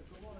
Mr. Kumar.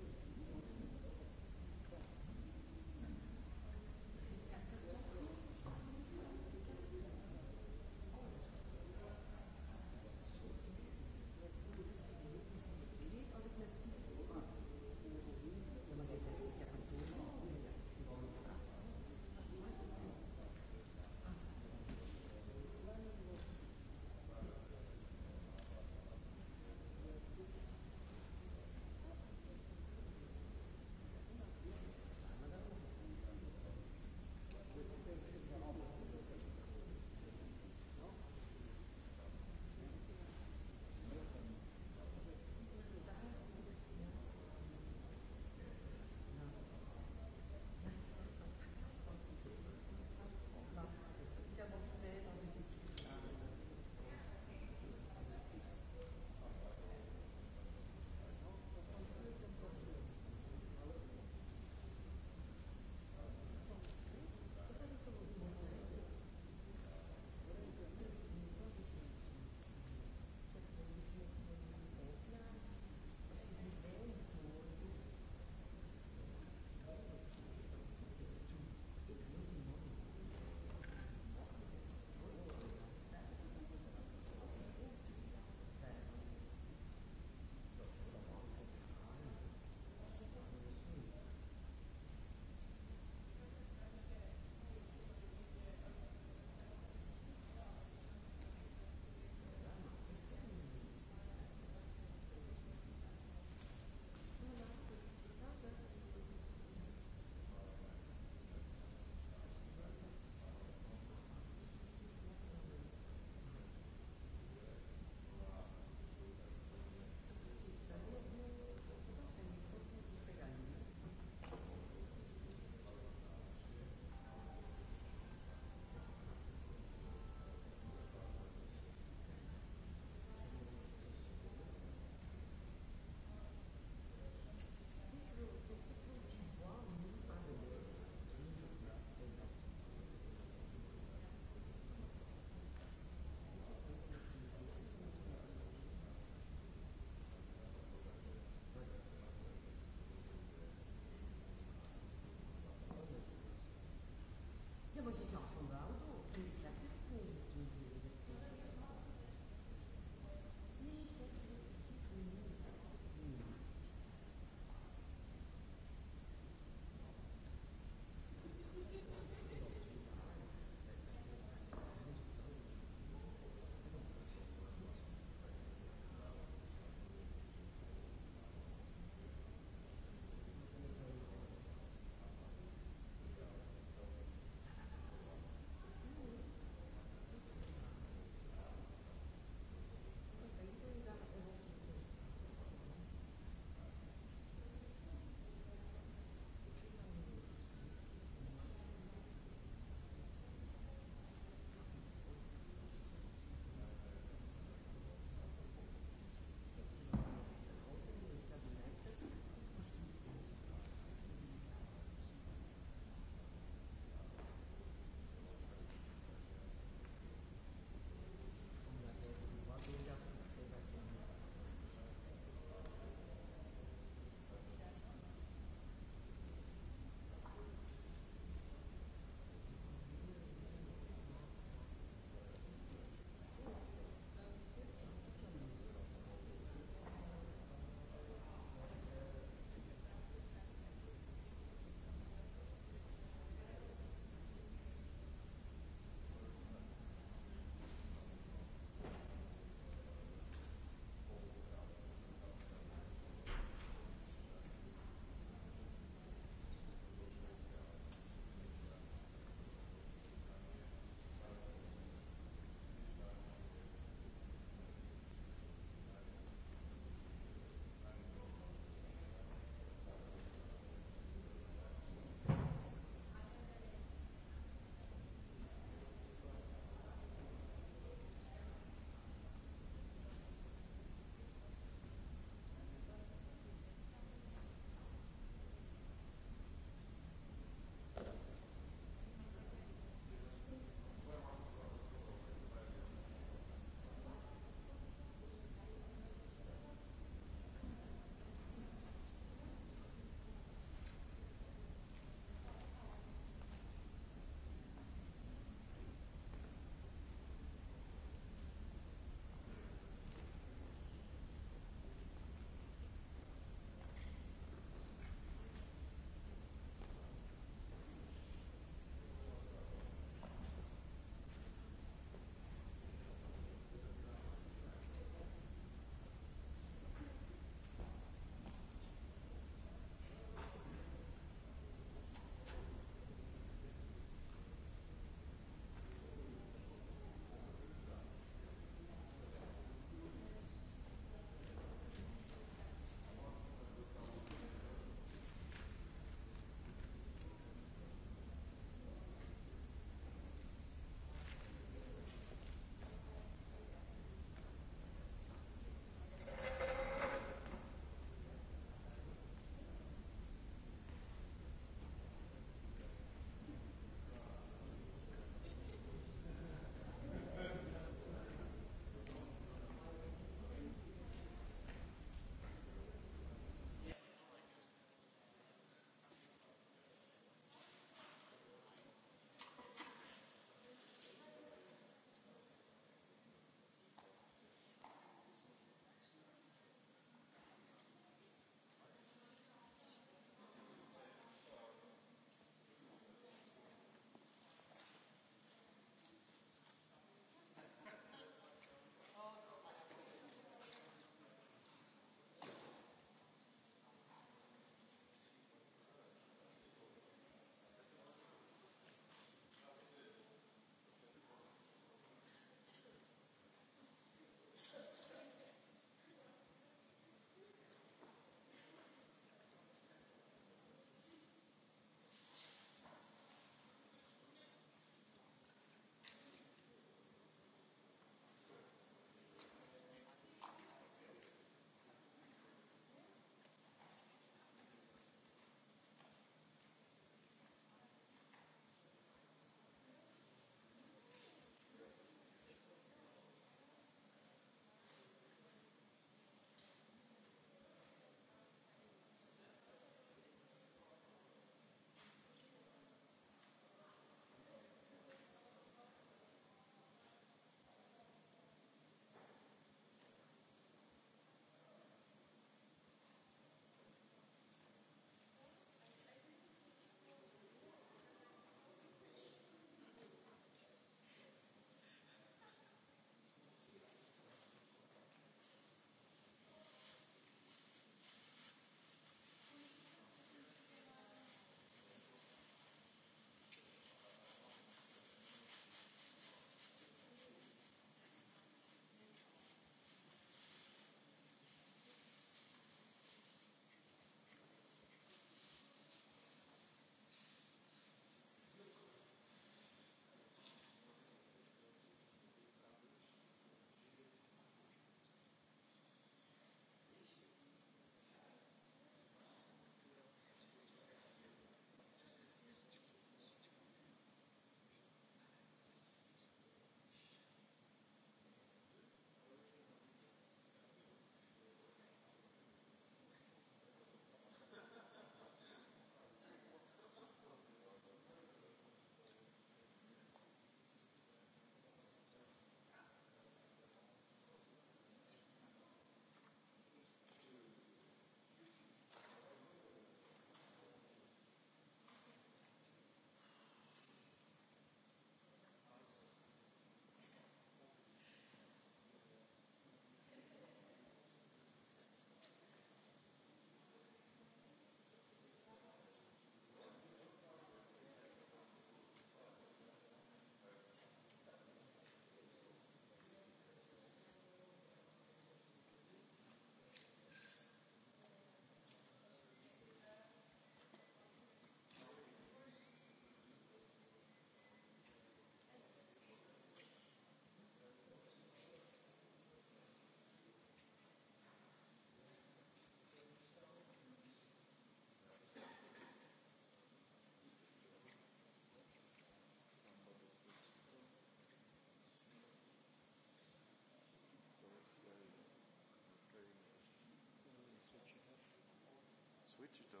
Tyto